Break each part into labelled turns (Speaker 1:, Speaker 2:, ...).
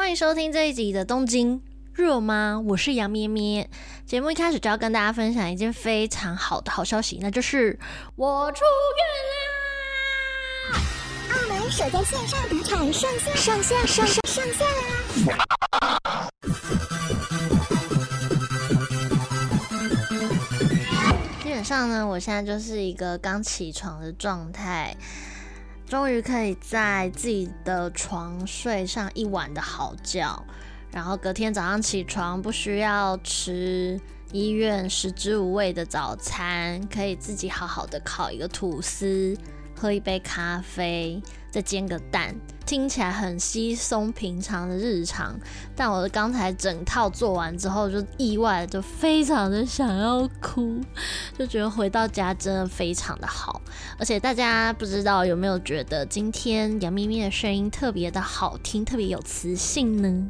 Speaker 1: 歡迎收聽這一集的《東京熱》嗎，我是楊咩咩。節目一開始就要跟大家分享一件非常好的好消息，那就是我出院啦！澳門首家線上賭場上線，上線，上線啦！基本上呢，我現在就是一個剛起床的狀態。終於可以在自己的床睡上一晚的好覺，然後隔天早上起床不需要吃醫院食之無味的早餐，可以自己好好的烤一個吐司，喝一杯咖啡，再煎個蛋，聽起來很稀鬆平常的日常，但我剛才整套做完之後，就意外了，就非常的想要哭，就覺得回到家真的非常的好。而且大家不知道有沒有覺得，今天楊咪咪的聲音特別的好聽，特別有磁性呢？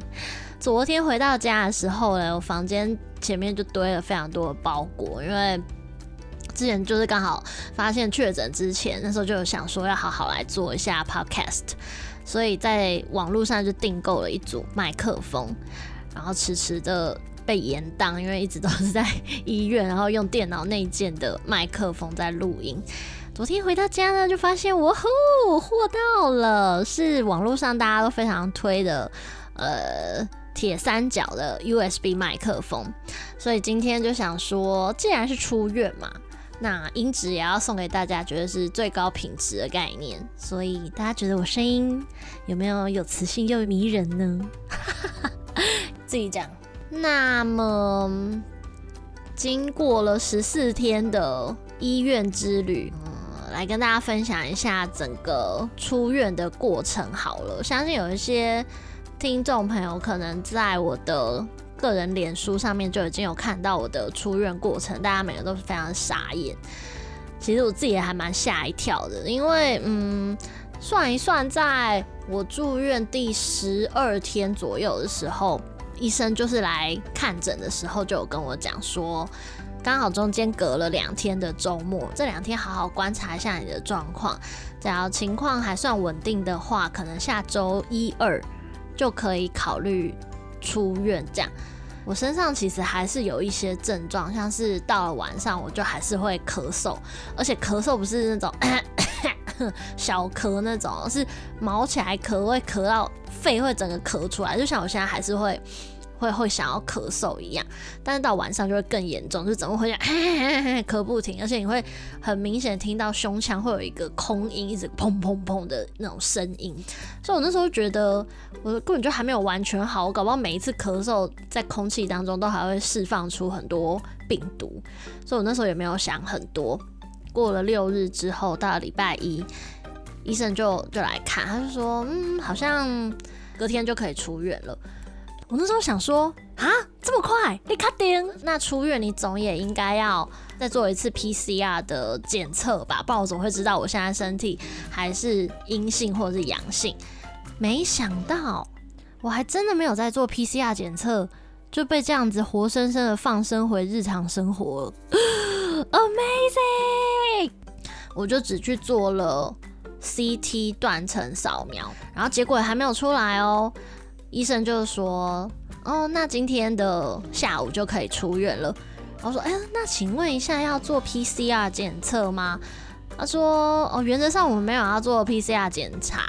Speaker 1: 昨天回到家的時候呢，我房間前面就堆了非常多的包裹，因為。之前就是剛好發現確診之前，那時候就有想說要好好來做一下 podcast，所以在網絡上就訂購了一組麥克風，然後遲遲的被延宕，因為一直都是在醫院，然後用電腦內建的麥克風在錄音。昨天回到家呢，就發現我吼貨到了，是網絡上大家都非常推的呃鐵三角的 USB 麥克風，所以今天就想說，既然是出院嘛。那音質也要送給大家，覺得是最高品質的概念。所以大家覺得我聲音有沒有有磁性又迷人呢？ 自己講講。那麼，經過了十四天的醫院之旅，嗯，來跟大家分享一下整個出院的過程。好了，我相信有一些聽眾朋友可能在我的個人臉書上面就已經有看到我的出院過程，大家每個都是非常傻眼。其實我自己也還蠻嚇一跳的，因為嗯，算一算，在我住院第十二天左右的時候，醫生就是來看診的時候，就有跟我講說，剛好中間隔了兩天的週末，這兩天好好觀察一下你的狀況，只要情況還算穩定的話，可能下週一二就可以考慮出院，這樣。我身上其實還是有一些症狀，像是到了晚上，我就還是會咳嗽，而且咳嗽不是那種咳咳小咳那種，是毛起來咳，會咳到肺會整個咳出來，就像我現在還是會。會會想要咳嗽一樣，但是到晚上就會更嚴重，就怎麼會這樣，咳不停，而且你會很明顯聽到胸腔會有一個空音，一直砰砰砰的那種聲音。所以我那時候覺得，我根本就還沒有完全好，我搞不好每一次咳嗽在空氣當中都還會釋放出很多病毒。所以我那時候也沒有想很多。過了六日之後，到了禮拜一，醫生就就來看，他就說，嗯，好像隔天就可以出院了。我那時候想說，啊，這麼快，你卡丁？那出院你總也應該要再做一次 PCR 的檢測吧，不然我總會知道我現在身體還是陰性或者是陽性。沒想到，我還真的沒有在做 PCR 檢測，就被這樣子活生生的放生回日常生活了，Amazing！我就只去做了 CT 斷層掃描，然後結果還沒有出來哦。醫生就說，哦，那今天的下午就可以出院了。我說，哎、欸，那請問一下，要做 PCR 檢測嗎？他說，哦，原則上我們沒有要做 PCR 檢查，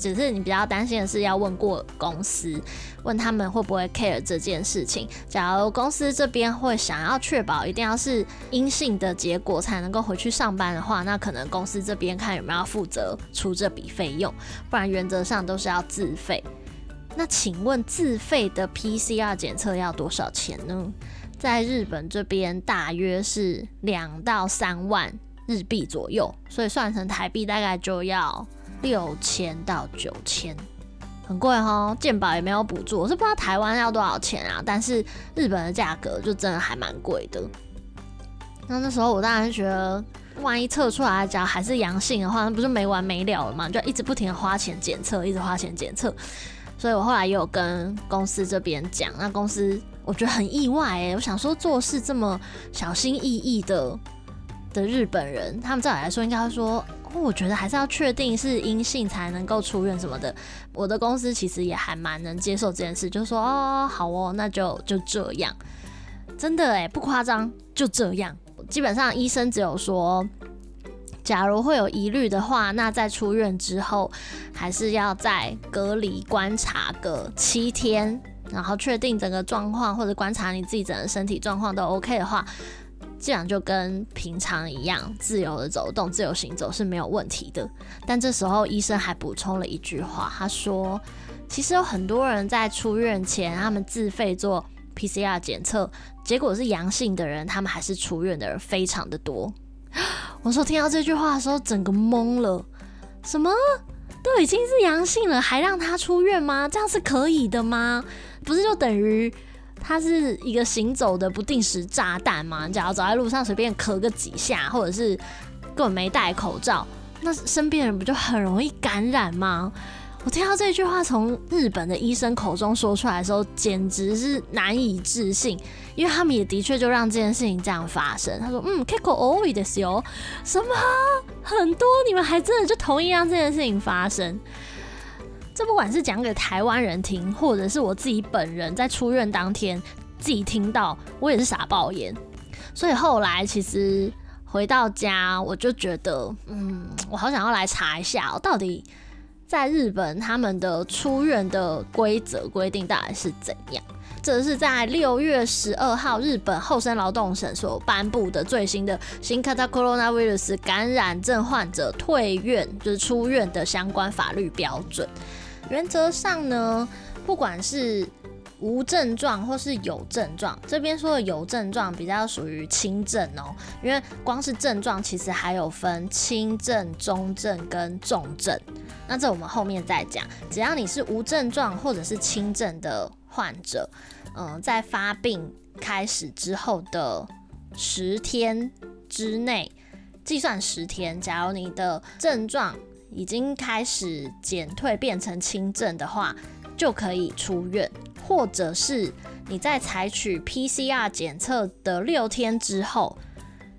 Speaker 1: 只是你比較擔心的是要問過公司，問他們會不會 care 這件事情。假如公司這邊會想要確保一定要是陰性的結果才能夠回去上班的話，那可能公司這邊看有沒有要負責出這筆費用，不然原則上都是要自費。那請問自費的 PCR 檢測要多少錢呢？在日本這邊大約是兩到三萬日幣左右，所以算成台幣大概就要六千到九千，很貴齁。健保也沒有補助，我是不知道台灣要多少錢啊。但是日本的價格就真的還蠻貴的。那那時候我當然覺得，萬一測出來只要還是陽性的話，那不是沒完沒了了嗎？就一直不停地花錢檢測，一直花錢檢測。所以，我後來也有跟公司這邊講，那公司我覺得很意外欸。我想說，做事這麼小心翼翼的的日本人，他們照理來說應該會說，我覺得還是要確定是陰性才能夠出院什麼的。我的公司其實也還蠻能接受這件事，就是說哦，好哦，那就就這樣，真的欸，不誇張，就這樣。基本上醫生只有說，假如會有疑慮的話，那在出院之後，還是要再隔離觀察個七天，然後確定整個狀況或者觀察你自己整個身體狀況都 OK 的話，這樣就跟平常一樣，自由的走動、自由行走是沒有問題的。但這時候醫生還補充了一句話，他說，其實有很多人在出院前，他們自費做 PCR 檢測，結果是陽性的人，他們還是出院的人非常的多。我說聽到這句話的時候，整個懵了。什麼都已經是陽性了，還讓他出院嗎？這樣是可以的嗎？不是就等於他是一個行走的不定時炸彈嗎？你只要走在路上，隨便咳個幾下，或者是根本沒戴口罩，那身邊人不就很容易感染嗎？我聽到這句話從日本的醫生口中說出來的時候，簡直是難以置信，因為他們也的確就讓這件事情這樣發生。他說：“嗯，Kiko o v i d 什麼很多？你們還真的就同意讓這件事情發生？這不管是講給台灣人聽，或者是我自己本人在出院當天自己聽到，我也是傻爆眼。所以後來其實回到家，我就覺得，嗯，我好想要來查一下喔，我到底。”在日本，他們的出院的規則規定大概是怎樣？這是在六月十二號，日本厚生勞動省所頒布的最新的新型コロナウイルス感染症患者退院，就是出院的相關法律標準。原則上呢，不管是，無症狀或是有症狀，這邊說的有症狀比較屬於輕症哦，因為光是症狀其實還有分輕症、中症跟重症，那這我們後面再講。只要你是無症狀或者是輕症的患者，嗯、呃，在發病開始之後的十天之內，計算十天，假如你的症狀已經開始減退變成輕症的話，就可以出院，或者是你在採取 PCR 檢測的六天之後，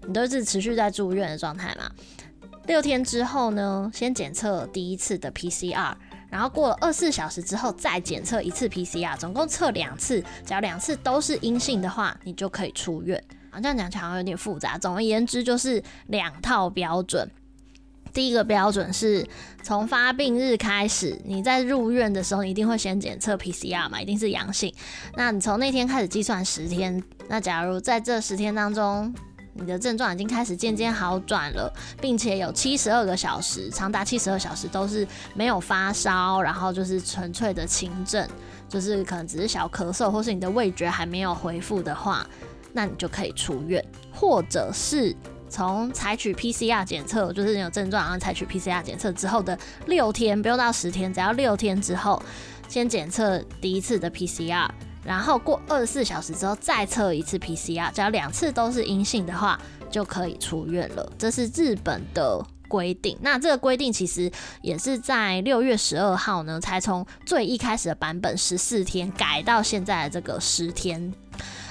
Speaker 1: 你都是持續在住院的狀態嘛，六天之後呢，先檢測第一次的 PCR，然後過了二十四小時之後再檢測一次 PCR，總共測兩次，只要兩次都是陰性的話，你就可以出院。好像講起來好像有點複雜。總而言之，就是兩套標準。第一個標準是從發病日開始，你在入院的時候，你一定會先檢測 PCR 嘛，一定是陽性。那你從那天開始計算十天，那假如在這十天當中，你的症狀已經開始漸漸好轉了，並且有七十二個小時，長達七十二小時都是沒有發燒，然後就是純粹的輕症，就是可能只是小咳嗽，或是你的味覺還沒有恢復的話，那你就可以出院。或者是。從採取 PCR 檢測，就是你有症狀，然後採取 PCR 檢測之後的六天，不用到十天，只要六天之後，先檢測第一次的 PCR，然後過二十四小時之後再測一次 PCR，只要兩次都是陰性的話，就可以出院了。這是日本的規定。那這個規定其實也是在六月十二號呢，才從最一開始的版本十四天改到現在的這個十天。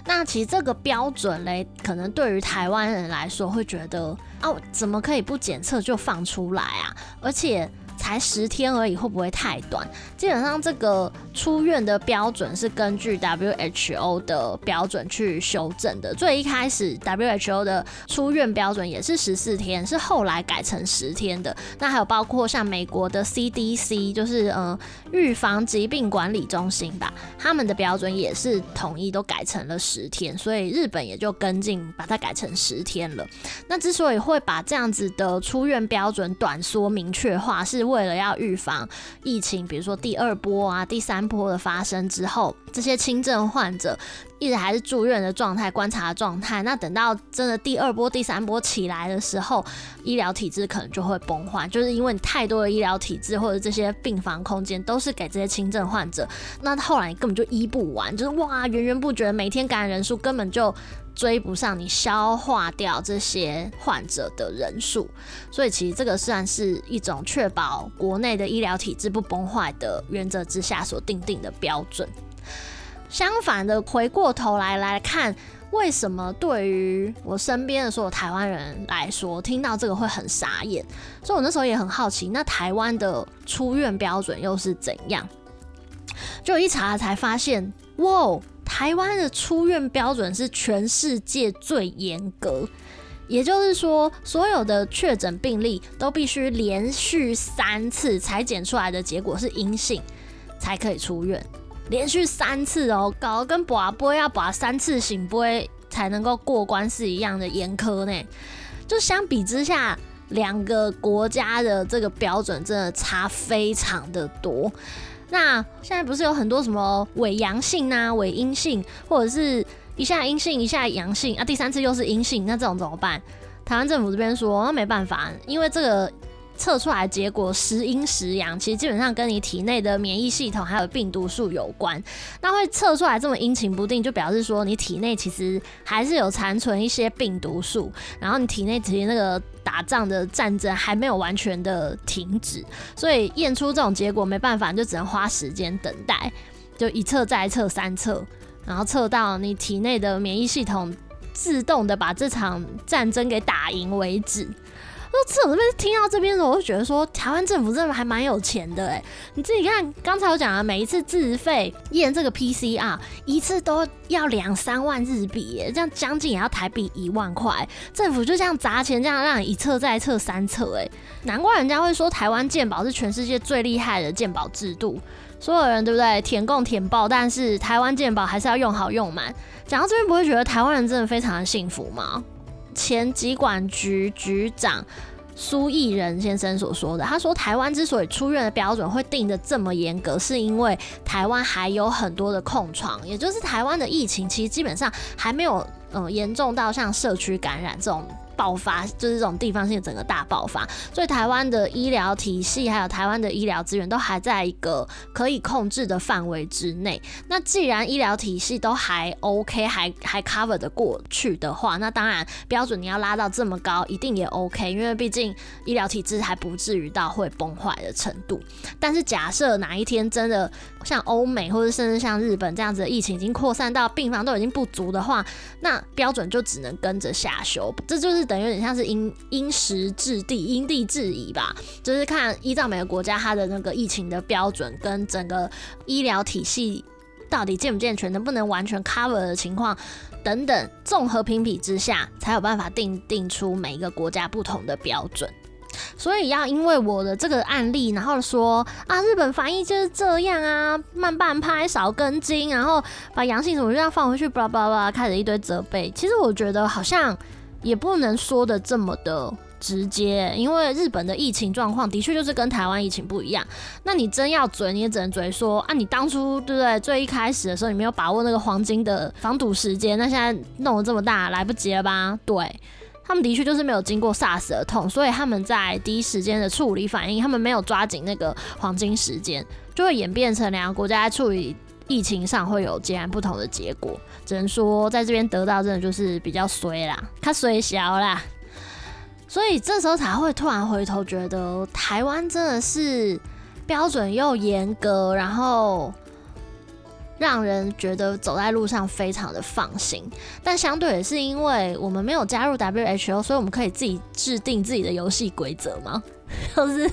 Speaker 1: 那其實這個標準嘞，可能對於台灣人來說會覺得，啊，怎麼可以不檢測就放出來啊？而且。才十天而已，會不會太短？基本上這個出院的標準是根據 WHO 的標準去修正的。最一開始 WHO 的出院標準也是十四天，是後來改成十天的。那還有包括像美國的 CDC，就是呃預防疾病管理中心吧，他們的標準也是統一都改成了十天，所以日本也就跟進把它改成十天了。那之所以會把這樣子的出院標準短縮明確化，是為為了要預防疫情，比如說第二波啊、第三波的發生之後，這些輕症患者一直還是住院的狀態、觀察的狀態。那等到真的第二波、第三波起來的時候，醫療體制可能就會崩壞，就是因為你太多的醫療體制或者這些病房空間都是給這些輕症患者，那後來你根本就醫不完，就是哇，源源不絕，每天感染人數根本就。追不上你消化掉這些患者的人數，所以其實這個算是一種確保國內的醫療體制不崩壞的原則之下所定定的標準。相反的，回過頭來來看，為什麼對於我身邊的所有台灣人來說，聽到這個會很傻眼？所以我那時候也很好奇，那台灣的出院標準又是怎樣？就一查才發現，哇！台灣的出院標準是全世界最嚴格，也就是說，所有的確診病例都必須連續三次採檢出來的結果是陰性，才可以出院。連續三次哦、喔，搞得跟跋杯要跋三次聖杯才能夠過關是一樣的嚴苛呢。就相比之下，兩個國家的這個標準真的差非常的多。那現在不是有很多什麼偽陽性吶、啊、偽陰性，或者是一下陰性一下陽性啊，第三次又是陰性，那這種怎麼辦？台灣政府這邊說、啊、沒辦法，因為這個。測出來的結果時陰時陽，其實基本上跟你體內的免疫系統還有病毒數有關。那會測出來這麼陰晴不定，就表示說你體內其實還是有殘存一些病毒數，然後你體內其實那個打仗的戰爭還沒有完全的停止。所以驗出這種結果沒辦法，你就只能花時間等待，就一測再一測三測，然後測到你體內的免疫系統自動的把這場戰爭給打贏為止。就這我這邊聽到這邊的時候，我就覺得說，台灣政府真的還蠻有錢的哎。你自己看剛才我講的，每一次自費驗這個 PCR 一次都要兩三萬日幣，這樣將近也要台幣一萬塊。政府就像砸錢，這樣讓你一測再測三測，哎，難怪人家會說台灣健保是全世界最厲害的健保制度。所有人對不對？舔共舔爆，但是台灣健保還是要用好用滿。講到這邊，不會覺得台灣人真的非常的幸福嗎？前疾管局局長蘇益仁先生所說的，他說：“台灣之所以出院的標準會定得這麼嚴格，是因為台灣還有很多的空床，也就是台灣的疫情其實基本上還沒有嗯、呃、嚴重到像社區感染這種。”爆發就是這種地方性整個大爆發，所以台灣的醫療體系還有台灣的醫療資源都還在一個可以控制的範圍之內。那既然醫療體系都還 OK，還還 cover 的過去的話，那當然標準你要拉到這麼高一定也 OK，因為畢竟醫療體制還不至於到會崩壞的程度。但是假設哪一天真的像歐美或者甚至像日本這樣子的疫情已經擴散到病房都已經不足的話，那標準就只能跟着下修，這就是。等於有點像是因因時制地，因地制宜吧，就是看依照每個國家它的那個疫情的標準跟整個醫療體系到底健不健全、能不能完全 cover 的情況等等，綜合評比之下，才有辦法定定出每一個國家不同的標準。所以要因為我的這個案例，然後說啊，日本防疫就是這樣啊，慢半拍，少根筋，然後把陽性什麼這樣放回去，巴拉巴拉，開始一堆責備。其實我覺得好像。也不能說的這麼的直接，因為日本的疫情狀況的確就是跟台灣疫情不一樣。那你真要嘴，你也只能嘴說，啊，你當初對不對，對？最一開始的時候，你沒有把握那個黃金的防堵時間，那現在弄得這麼大，來不及了吧？對，他們的確就是沒有經過薩斯的痛，所以他們在第一時間的處理反應，他們沒有抓緊那個黃金時間，就會演變成兩個國家在處理疫情上會有截然不同的結果，只能說在這邊得到真的就是比較衰啦，它衰小啦，所以這時候才會突然回頭覺得台灣真的是標準又嚴格，然後。讓人覺得走在路上非常的放心，但相對也是因為我們沒有加入 WHO，所以我們可以自己制定自己的遊戲規則嗎？就是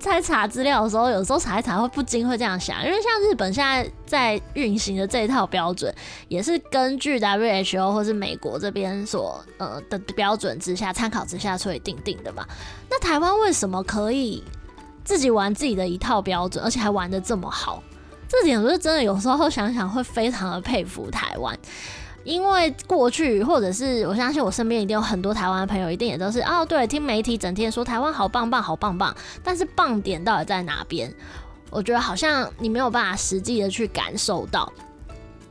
Speaker 1: 在查資料的時候，有時候查一查會不禁會這樣想，因為像日本現在在運行的這一套標準，也是根據 WHO 或是美國這邊所呃的標準之下參考之下所以定定的嘛。那台灣為什麼可以自己玩自己的一套標準，而且還玩得這麼好？這點我是真的，有時候會想想會非常的佩服台灣，因為過去或者是我相信我身邊一定有很多台灣的朋友，一定也都是哦，對，聽媒體整天說台灣好棒棒，好棒棒，但是棒點到底在哪邊？我覺得好像你沒有辦法實際的去感受到。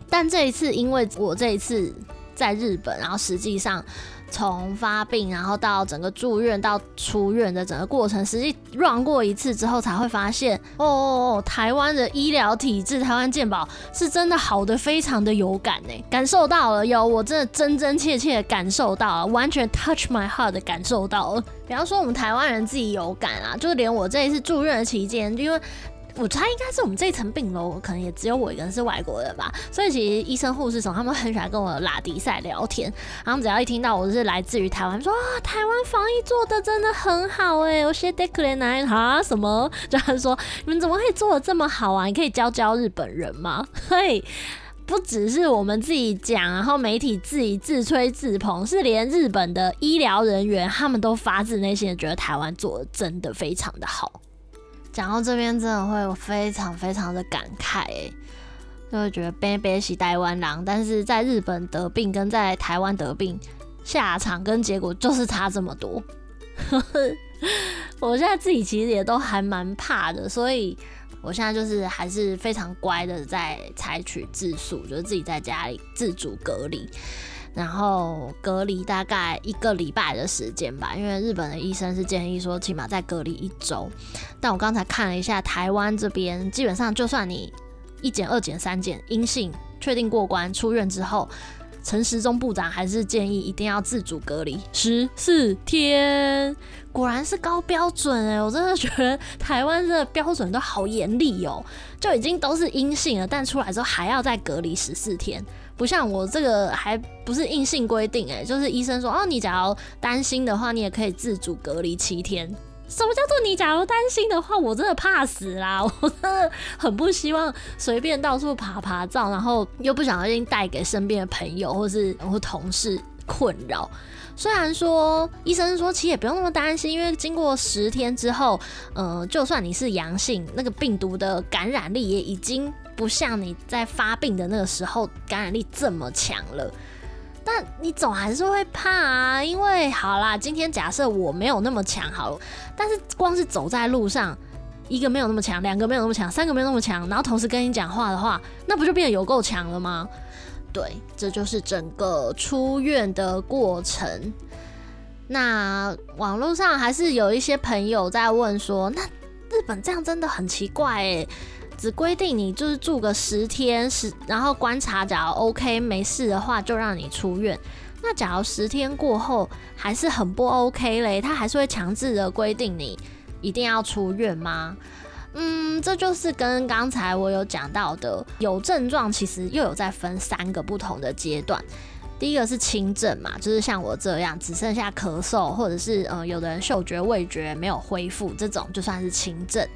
Speaker 1: 但這一次，因為我這一次在日本，然後實際上。從發病，然後到整個住院到出院的整個過程，實際 run 過一次之後才會發現，哦，哦，哦，台灣的醫療體制，台灣健保是真的好得非常的有感。感受到了有，我真的真真切切的感受到了，完全 touch my heart 的感受到了。比方說我們台灣人自己有感啊，就是連我這一次住院的期間，因為。我猜應該是我們這一層病樓，可能也只有我一個人是外國人吧，所以其實醫生護士什麼，他們很喜歡跟我拉迪賽聊天，他們只要一聽到我是來自於台灣，他們說啊台灣防疫做的真的很好哎、欸，我 s h 可憐 g o o n 啊什麼，就他說你們怎麼可以做的這麼好啊，你可以教教日本人嗎？嘿，不只是我們自己講，然後媒體自己自吹自捧，是連日本的醫療人員他們都發自內心的覺得台灣做的真的非常的好。講到這邊，真的會我非常非常的感慨，欸，就會覺得 b e 是台灣狼，但是在日本得病跟在台灣得病，下場跟結果就是差這麼多。 我現在自己其實也都還蠻怕的，所以我現在就是還是非常乖的，在採取自述，就是自己在家裡自主隔離。然後隔離大概一個禮拜的時間吧，因為日本的醫生是建議說，起碼再隔離一周。但我剛才看了一下台灣這邊，基本上就算你一檢、二檢、三檢陰性，確定過關出院之後，陳時中部長還是建議一定要自主隔離十四天。果然是高標準哎、欸，我真的覺得台灣的標準都好嚴厲哦，就已經都是陰性了，但出來之後還要再隔離十四天。不像我這個還不是硬性規定，哎，就是醫生說，哦，你假如擔心的話，你也可以自主隔離七天。什麼叫做你假如擔心的話？我真的怕死啦，我真的很不希望隨便到處趴趴走，然後又不小心帶給身邊的朋友或是或是同事困擾。雖然說醫生說其實也不用那麼擔心，因為經過十天之後，嗯、呃，就算你是陽性，那個病毒的感染力也已經。不像你在發病的那個時候感染力這麼強了，但你總還是會怕啊，因為好啦，今天假設我沒有那麼強好了，但是光是走在路上，一個沒有那麼強，兩個沒有那麼強，三個沒有那麼強，然後同時跟你講話的話，那不就變得有夠強了嗎？對，這就是整個出院的過程。那網絡上還是有一些朋友在問說，那日本這樣真的很奇怪欸。只規定你就是住個十天，十然後觀察，假如 OK 沒事的話，就讓你出院。那假如十天過後還是很不 OK 嘞，他還是會強制的規定你一定要出院嗎？嗯，這就是跟剛才我有講到的，有症狀其實又有在分三個不同的階段。第一個是輕症嘛，就是像我這樣只剩下咳嗽，或者是呃有的人嗅覺味覺沒有恢復，這種就算是輕症。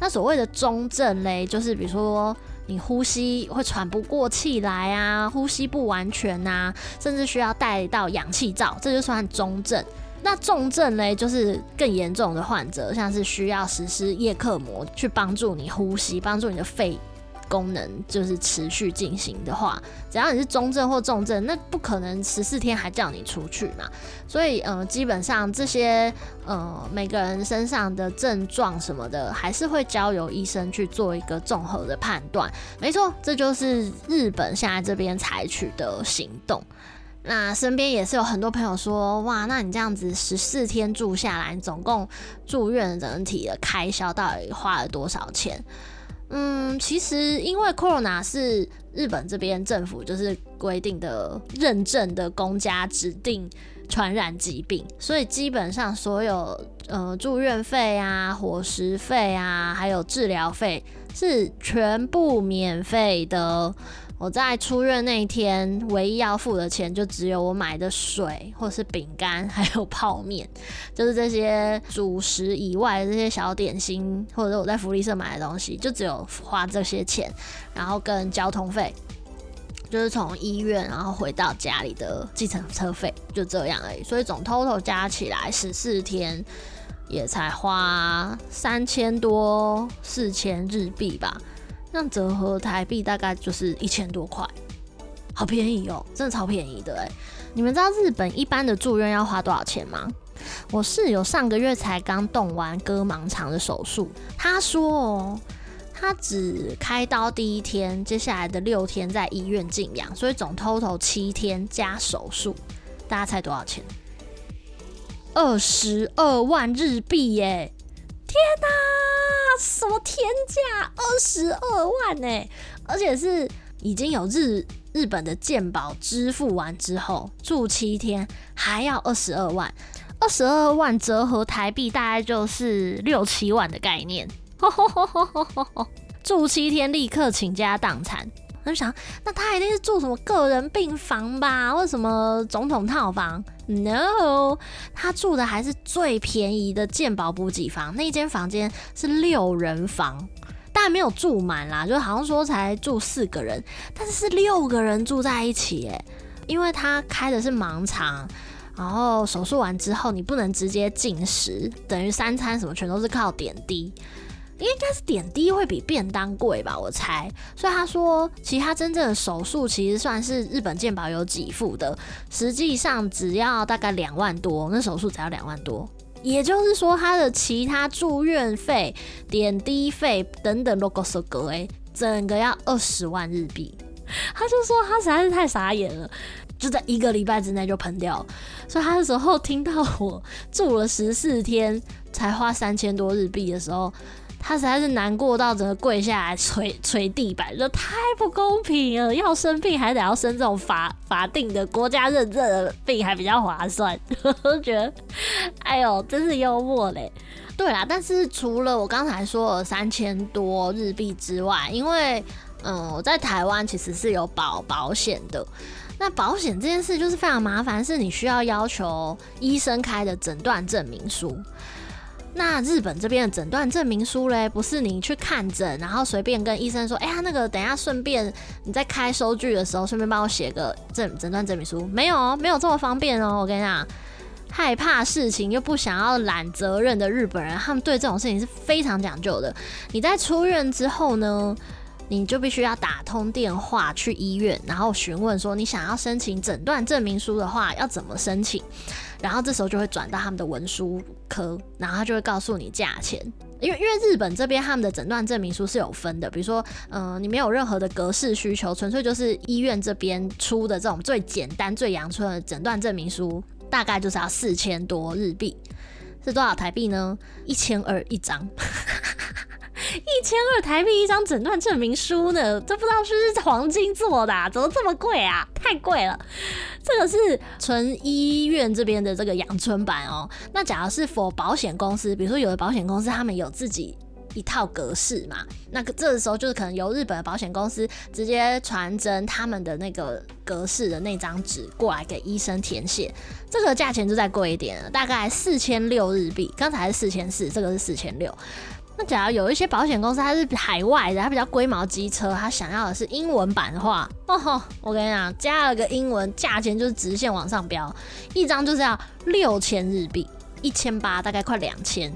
Speaker 1: 那所謂的中症嘞，就是比如說你呼吸會喘不過氣來啊，呼吸不完全啊，甚至需要帶到氧氣罩，這就算中症。那重症嘞，就是更嚴重的患者，像是需要實施葉克膜去幫助你呼吸，幫助你的肺。功能就是持續進行的話，只要你是中症或重症，那不可能十四天還叫你出去嘛。所以，嗯、呃，基本上這些，嗯、呃，每個人身上的症狀什麼的，還是會交由醫生去做一個綜合的判斷。沒錯，這就是日本現在這邊採取的行動。那身邊也是有很多朋友說，哇，那你這樣子十四天住下來，總共住院整體的開銷到底花了多少錢？嗯，其實因為 Corona 是日本這邊政府就是規定的認證的公家指定傳染疾病，所以基本上所有呃住院費啊、伙食費啊，還有治療費是全部免費的。我在出院那一天，唯一要付的錢就只有我買的水，或者是餅乾，還有泡麵，就是這些主食以外的這些小點心，或者是我在福利社買的東西，就只有花這些錢，然後跟交通費，就是從醫院然後回到家裡的計程車費，就這樣而已。所以總 total 加起來十四天也才花三千多四千日幣吧。那折合台幣大概就是一千多塊，好便宜哦，真的超便宜的哎！你們知道日本一般的住院要花多少錢嗎？我室友上個月才剛動完割盲腸的手術，他說他只開刀第一天，接下來的六天在醫院靜養，所以總 total 七天加手術，大家猜多少錢？二十二萬日幣耶！天哪、啊！啊！什麼天價？二十二萬呢。而且是已經有日日本的健保支付完之後，住七天還要二十二萬，二十二萬折合台幣大概就是六七萬的概念。呵呵呵呵呵，住七天立刻傾家蕩產。我就想，那他一定是住什麼個人病房吧，或者什麼總統套房？No，他住的還是最便宜的健保補給房。那一間房間是六人房，但還沒有住滿啦，就好像說才住四個人，但是是六個人住在一起誒。因為他開的是盲腸，然後手術完之後你不能直接進食，等於三餐什麼全都是靠點滴。應該是點滴會比便當貴吧，我猜。所以他說，其他真正的手術其實算是日本健保有給付的，實際上只要大概兩萬多，那手術只要兩萬多，也就是說他的其他住院費、點滴費等等 l o g o 整個要二十萬日幣。他就說他實在是太傻眼了，就在一個禮拜之內就噴掉。所以他的時候聽到我住了十四天才花三千多日幣的時候。他實在是難過到整個跪下來捶捶地板，這太不公平了！要生病還得要生這種法法定的國家認證的病，還比較划算，我覺得，哎呦，真是幽默嘞！對啦，但是除了我剛才說的三千多日幣之外，因為嗯，我、呃、在台灣其實是有保保險的。那保險這件事就是非常麻煩，是你需要要求醫生開的診斷證明書。那日本這邊的診斷證明書嘞，不是你去看診，然後隨便跟醫生說，哎、欸、呀，那個等一下順便你在開收據的時候，順便幫我寫個診診斷證明書，沒有，沒有這麼方便哦、喔。我跟你講，害怕事情又不想要攬責任的日本人，他們對這種事情是非常講究的。你在出院之後呢，你就必須要打通電話去醫院，然後詢問說你想要申請診斷證明書的話，要怎麼申請？然後這時候就會轉到他們的文書科，然後他就會告訴你價錢，因為因為日本這邊他們的診斷證明書是有分的，比如說，嗯、呃，你沒有任何的格式需求，純粹就是醫院這邊出的這種最簡單最陽春的診斷證明書，大概就是要四千多日幣，是多少台幣呢？一千二一張。 一千二台幣一張診斷證明書呢，這不知道是不是黃金做的啊，怎麼這麼貴啊？太貴了。這個是純醫院這邊的這個陽春版哦。那假如是否保險公司，比如說有的保險公司他們有自己一套格式嘛，那這個時候就是可能由日本的保險公司直接傳真他們的那個格式的那張紙過來給醫生填寫，這個價錢就再貴一點了，大概四千六日幣。剛才是四千四，這個是四千六。假如有一些保險公司，它是海外的，它比較龜毛機車，它想要的是英文版的話，哦吼！我跟你講，加了個英文，價錢就是直線往上飆，一張就是要六千日幣，一千八，大概快兩千。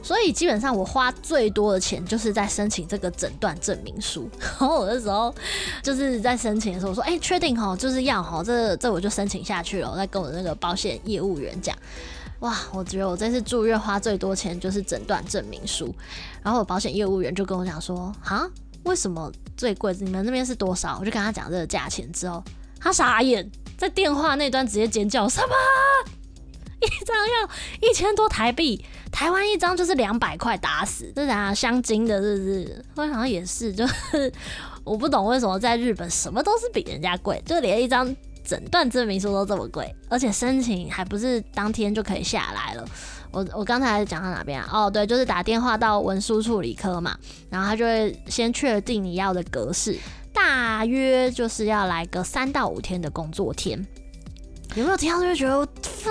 Speaker 1: 所以基本上我花最多的錢就是在申請這個診斷證明書。然 後我那時候就是在申請的時候，我說：“哎、欸，確定吼，就是要吼，這這我就申請下去了。”我再跟我的那個保險業務員講。哇，我覺得我這次住院花最多錢就是診斷證明書，然後保險業務員就跟我講說，啊，為什麼最貴？你們那邊是多少？我就跟他講這個價錢之後，他傻眼，在電話那端直接尖叫，什麼？一張要一千多台幣，台灣一張就是兩百塊，打死，這啥鑲金的，是不是？我好像也是，就是我不懂為什麼在日本什麼都是比人家貴，就連一張。診斷證明書都這麼貴，而且申請還不是當天就可以下來了。我我剛才講到哪邊啊？哦，對，就是打電話到文書處理科嘛，然後他就會先確定你要的格式，大約就是要來個三到五天的工作天。有沒有聽到就會覺得，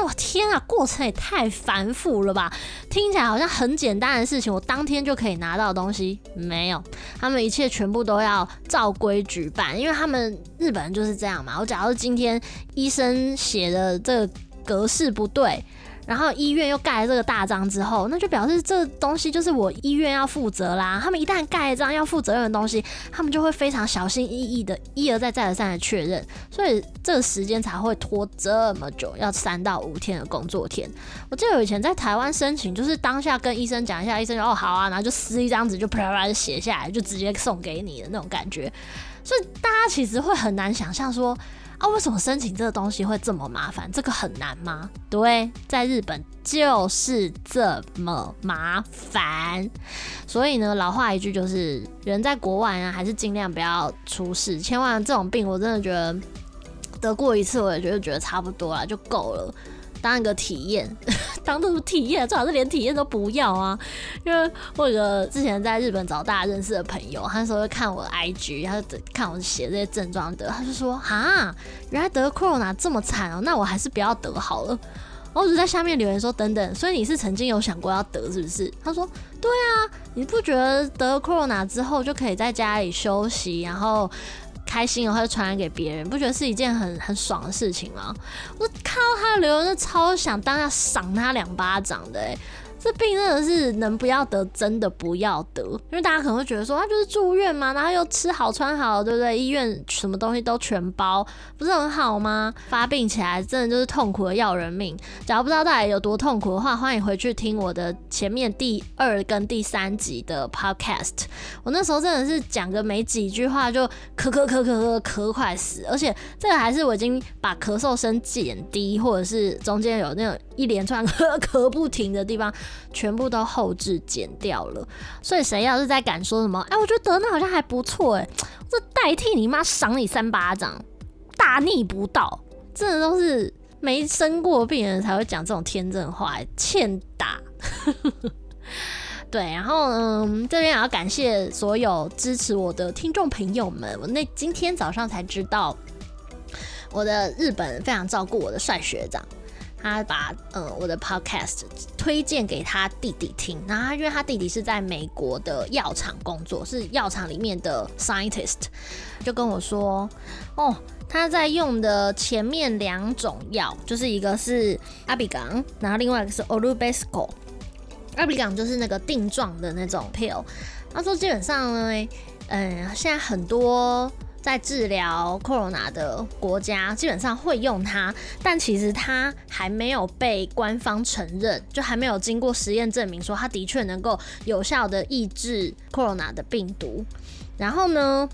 Speaker 1: 我天啊，過程也太繁複了吧？聽起來好像很簡單的事情，我當天就可以拿到的東西。沒有，他們一切全部都要照規矩辦，因為他們日本人就是這樣嘛。我假如今天醫生寫的這個格式不對。然後醫院又蓋了這個大章之後，那就表示這東西就是我醫院要負責啦。他們一旦蓋章要負責任的東西，他們就會非常小心翼翼的，一而再再而三的確認，所以這個時間才會拖這麼久，要三到五天的工作天。我記得我以前在台灣申請，就是當下跟醫生講一下，醫生說：「哦好啊」，然後就撕一張紙就啪啪啪就寫下來，就直接送給你的那種感覺。所以大家其實會很難想象說。啊，為什麼申請這個東西會這麼麻煩？這個很難嗎？對，在日本就是這麼麻煩。所以呢，老話一句就是，人在國外啊，還是盡量不要出事。千萬，這種病我真的覺得得過一次，我也覺得覺得差不多了，就夠了。當一個體驗，當這個體驗，最好是連體驗都不要啊！因為我有個之前在日本早大認識的朋友，他那時候就看我的 IG，然後看我寫這些症狀的，他就說：啊，原來得了 Corona 這麼慘哦、喔，那我還是不要得好了。然後我就在下面留言說：等等，所以你是曾經有想過要得是不是？他說：對啊，你不覺得得了 Corona 之後就可以在家裡休息，然後？開心哦，然後就傳染給別人，不覺得是一件很很爽的事情嗎？我看到他的留言，我就超想當下賞他兩巴掌的哎。這病真的是能不要得真的不要得，因為大家可能會覺得說他就是住院嘛，然後又吃好穿好，對不對？醫院什麼東西都全包，不是很好嗎？發病起來真的就是痛苦的要人命。假如不知道到底有多痛苦的話，歡迎回去聽我的前面第二跟第三集的 podcast。我那時候真的是講個沒幾句話就咳咳咳咳咳咳快死，而且這個還是我已經把咳嗽聲減低，或者是中間有那種。一連串咳咳不停的地方，全部都後製剪掉了。所以誰要是再敢說什麼，哎、欸，我覺得得那好像還不錯，欸，哎，我就代替你媽賞你三巴掌，大逆不道！真的都是沒生過病人才會講這種天真話，欸，欠打。 對，然後嗯，這邊也要感謝所有支持我的聽眾朋友們。我那今天早上才知道，我的日本非常照顧我的帥學長。他把呃我的 podcast 推薦給他弟弟聽，然後因為他弟弟是在美國的藥廠工作，是藥廠裡面的 scientist，就跟我說，哦，他在用的前面兩種藥，就是一個是 Avigan，然後另外一個是 olubesco，Avigan 就是那個錠狀的那種 pill，他說基本上呢，嗯、呃，現在很多。在治療 corona 的國家，基本上會用它，但其實它還沒有被官方承認，就還沒有經過實驗證明說它的確能夠有效的抑制 corona 的病毒。然後呢，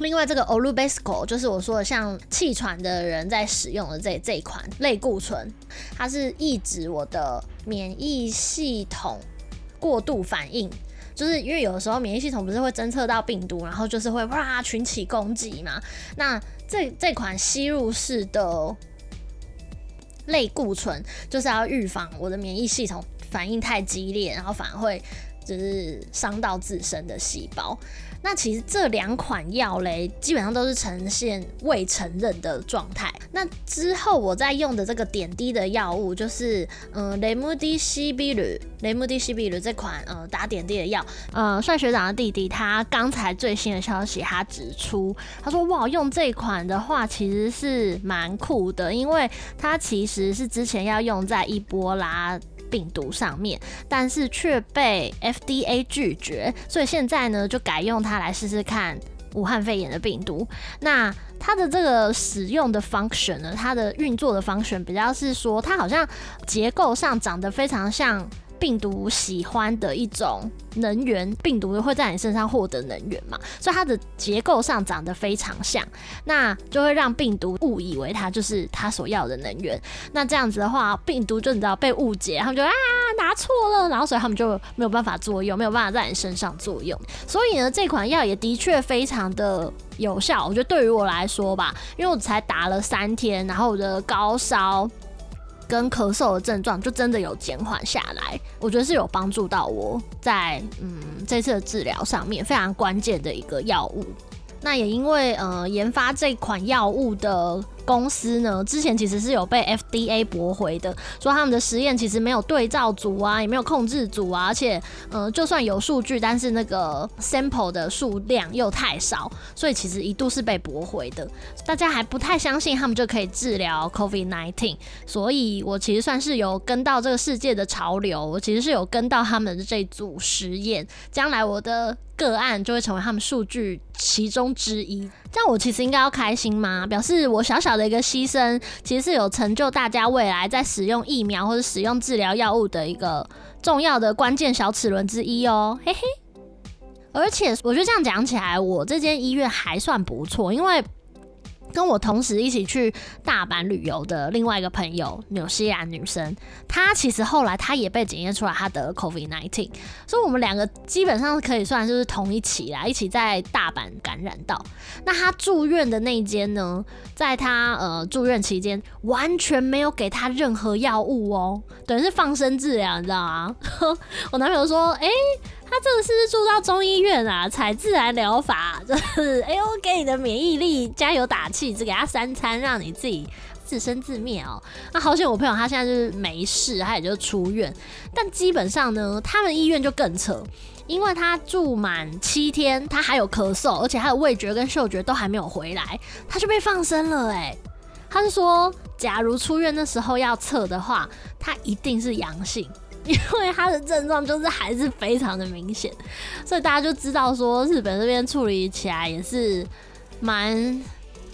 Speaker 1: 另外這個 Olubesco 就是我說的像氣喘的人在使用的這這一款類固醇，它是抑制我的免疫系統過度反應。就是因為有的時候，免疫系統不是會偵測到病毒，然後就是會哇群起攻擊嘛。那這這款吸入式的類固醇就是要預防我的免疫系統反應太激烈，然後反而會。就是傷到自身的細胞。那其實這兩款藥嘞，基本上都是呈現未承認的狀態。那之後我在用的這個點滴的藥物，就是嗯雷姆迪西比魯，雷姆迪西比魯這款呃打點滴的藥。呃帥學長的弟弟他剛才最新的消息，他指出他說哇用這款的話其實是蠻酷的，因為他其實是之前要用在伊波拉。病毒上面，但是卻被 FDA 拒絕，所以現在呢就改用它來試試看武漢肺炎的病毒。那它的這個使用的 function 呢，它的運作的 function 比較是說，它好像結構上長得非常像。病毒喜歡的一種能源，病毒會在你身上獲得能源嘛？所以它的結構上長得非常像，那就會讓病毒誤以為它就是它所要的能源。那這樣子的話，病毒就你知道被誤解，他們就啊拿錯了，然後所以他們就沒有辦法作用，沒有辦法在你身上作用。所以呢，這款藥也的確非常的有效。我覺得對於我來說吧，因為我才打了三天，然後我的高燒。跟咳嗽的症狀就真的有減緩下來，我覺得是有幫助到我在嗯這次的治療上面非常關鍵的一個藥物。那也因為呃研發這款藥物的。公司呢，之前其實是有被 FDA 駁回的，說他們的實驗其實沒有對照組啊，也沒有控制組啊，而且，嗯，呃，就算有數據，但是那個 sample 的數量又太少，所以其實一度是被駁回的。大家還不太相信他們就可以治療 COVID-19，所以我其實算是有跟到這個世界的潮流，我其實是有跟到他們的這組實驗，將來我的個案就會成為他們數據其中之一。這樣我其實應該要開心嗎？表示我小小的一個犧牲，其實是有成就大家未來在使用疫苗或者使用治療藥物的一個重要的關鍵小齒輪之一哦、喔，嘿嘿。而且我覺得這樣講起來，我這間醫院還算不錯，因為。跟我同時一起去大阪旅遊的另外一個朋友紐西蘭女生，她其實後來她也被檢驗出來，她得了 COVID nineteen，所以我們兩個基本上可以算就是同一起啦，一起在大阪感染到。那她住院的那一間呢，在她呃住院期間完全沒有給她任何藥物哦、喔，等於是放生治療，你知道嗎？ 我男朋友說，誒、欸他這個是住到中醫院啊，採自然療法，就是哎呦，欸、我給你的免疫力加油打氣，只給他三餐，讓你自己自生自滅哦、喔。那好險，我朋友他現在就是沒事，他也就出院。但基本上呢，他們醫院就更扯，因為他住滿七天，他還有咳嗽，而且他的味覺跟嗅覺都還沒有回來，他就被放生了、欸。哎，他是說，假如出院那時候要測的話，他一定是陽性。因為他的症狀就是還是非常的明顯，所以大家就知道說日本這邊處理起來也是蠻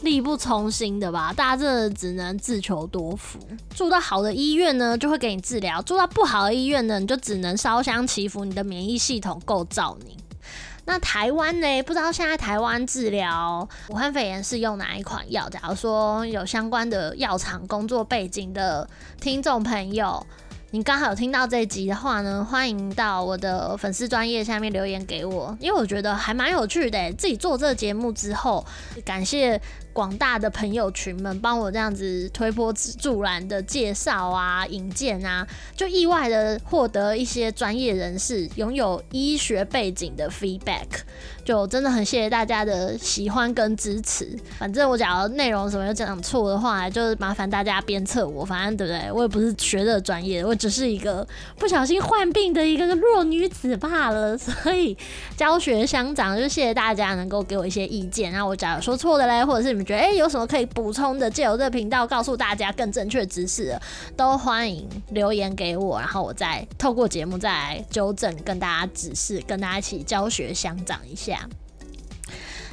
Speaker 1: 力不從心的吧。大家真的只能自求多福。住到好的醫院呢，就會給你治療；住到不好的醫院呢，你就只能燒香祈福。你的免疫系統夠照你。那台灣呢？不知道現在台灣治療武漢肺炎是用哪一款藥？假如說有相關的藥廠工作背景的聽眾朋友。你剛好有聽到這一集的話呢，歡迎到我的粉絲專頁下面留言給我，因為我覺得還蠻有趣的。自己做這個節目之後，感謝廣大的朋友群們幫我這樣子推波助瀾的介紹啊、引薦啊,就意外的獲得一些專業人士擁有醫學背景的 feedback。就真的很謝謝大家的喜歡跟支持。反正我假如內容什麼有講錯的話，就是麻煩大家鞭策我。反正對不對？我也不是學的專業，我只是一個不小心患病的一個弱女子罷了。所以教學相長，就謝謝大家能夠給我一些意見。然後我假如說錯的嘞，或者是你們覺得哎、欸、有什麼可以補充的，借由這個頻道告訴大家更正確的知識的，都歡迎留言給我。然後我再透過節目再來糾正，跟大家指示，跟大家一起教學相長一下。啊、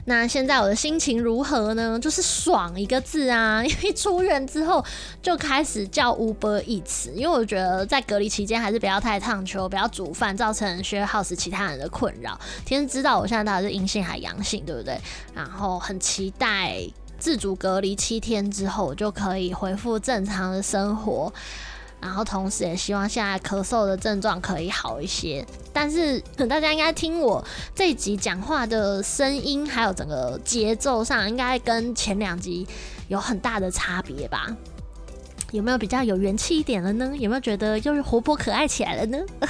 Speaker 1: 那現在我的心情如何呢？就是爽一個字啊！因為出院之後就開始叫 Uber Eats，因為我覺得在隔離期間還是不要太燙球，不要煮飯，造成 share house 其他人的困擾。天，天知道我現在到底是陰性還陽性，對不對？然後很期待自主隔離七天之後我就可以恢復正常的生活。然後，同時也希望現在咳嗽的症狀可以好一些。但是大家應該聽我這一集講話的聲音，還有整個節奏上，應該跟前兩集有很大的差別吧。有沒有比較有元氣一點了呢？有沒有覺得又是活潑可愛起來了呢？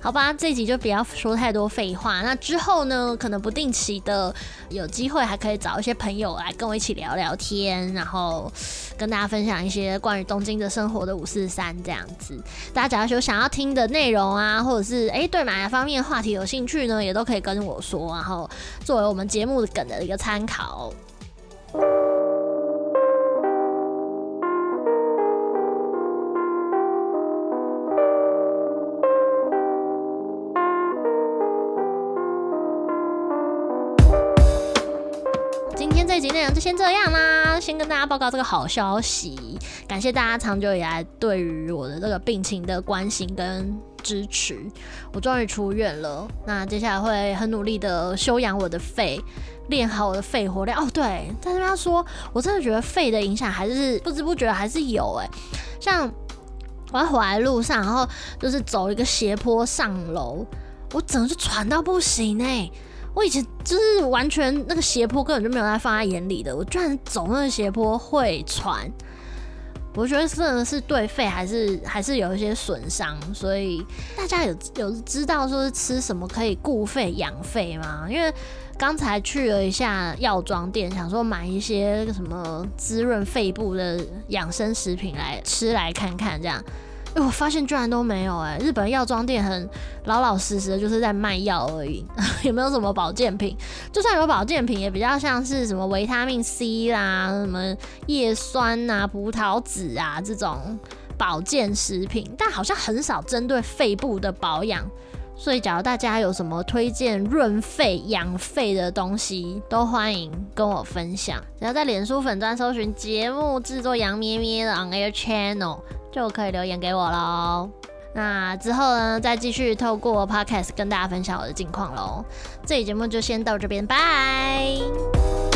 Speaker 1: 好吧，這集就不要說太多廢話。那之後呢，可能不定期的有機會還可以找一些朋友來跟我一起聊聊天，然後跟大家分享一些關於東京的生活的五四三這樣子。大家假如說有想要聽的內容啊，或者是誒、欸、對哪方面的話題有興趣呢，也都可以跟我說，然後作為我們節目梗的一個參考。就先這樣啦、啊，先跟大家報告這個好消息。感謝大家長久以來對於我的這個病情的關心跟支持，我終於出院了。那接下來會很努力的休養我的肺，練好我的肺活量。哦，對，但是他說，我真的覺得肺的影響還是不知不覺還是有哎、欸。像我要回來路上，然後就是走一個斜坡上樓，我真的是喘到不行哎、欸。我以前就是完全那個斜坡根本就沒有在放在眼裡的，我居然走那個斜坡會喘，我覺得真的是對肺還是還是有一些損傷，所以大家有有知道說是吃什麼可以固肺養肺嗎？因為剛才去了一下藥妝店，想說買一些那個什麼滋潤肺部的養生食品來吃來看看這樣。哎，欸、我發現居然都沒有哎、欸！日本藥妝店很老老實實的，就是在賣藥而已，也沒有什麼保健品。就算有保健品，也比較像是什麼維他命 C 啦、什麼葉酸啊、葡萄籽啊這種保健食品，但好像很少針對肺部的保養。所以，只要大家有什麼推薦潤肺養肺的東西，都歡迎跟我分享。只要在臉書粉專搜尋“節目製作羊咩咩”的 On Air Channel。就可以留言給我嘍。那之後呢，再繼續透過 Podcast 跟大家分享我的近況嘍。這期節目就先到這邊，拜。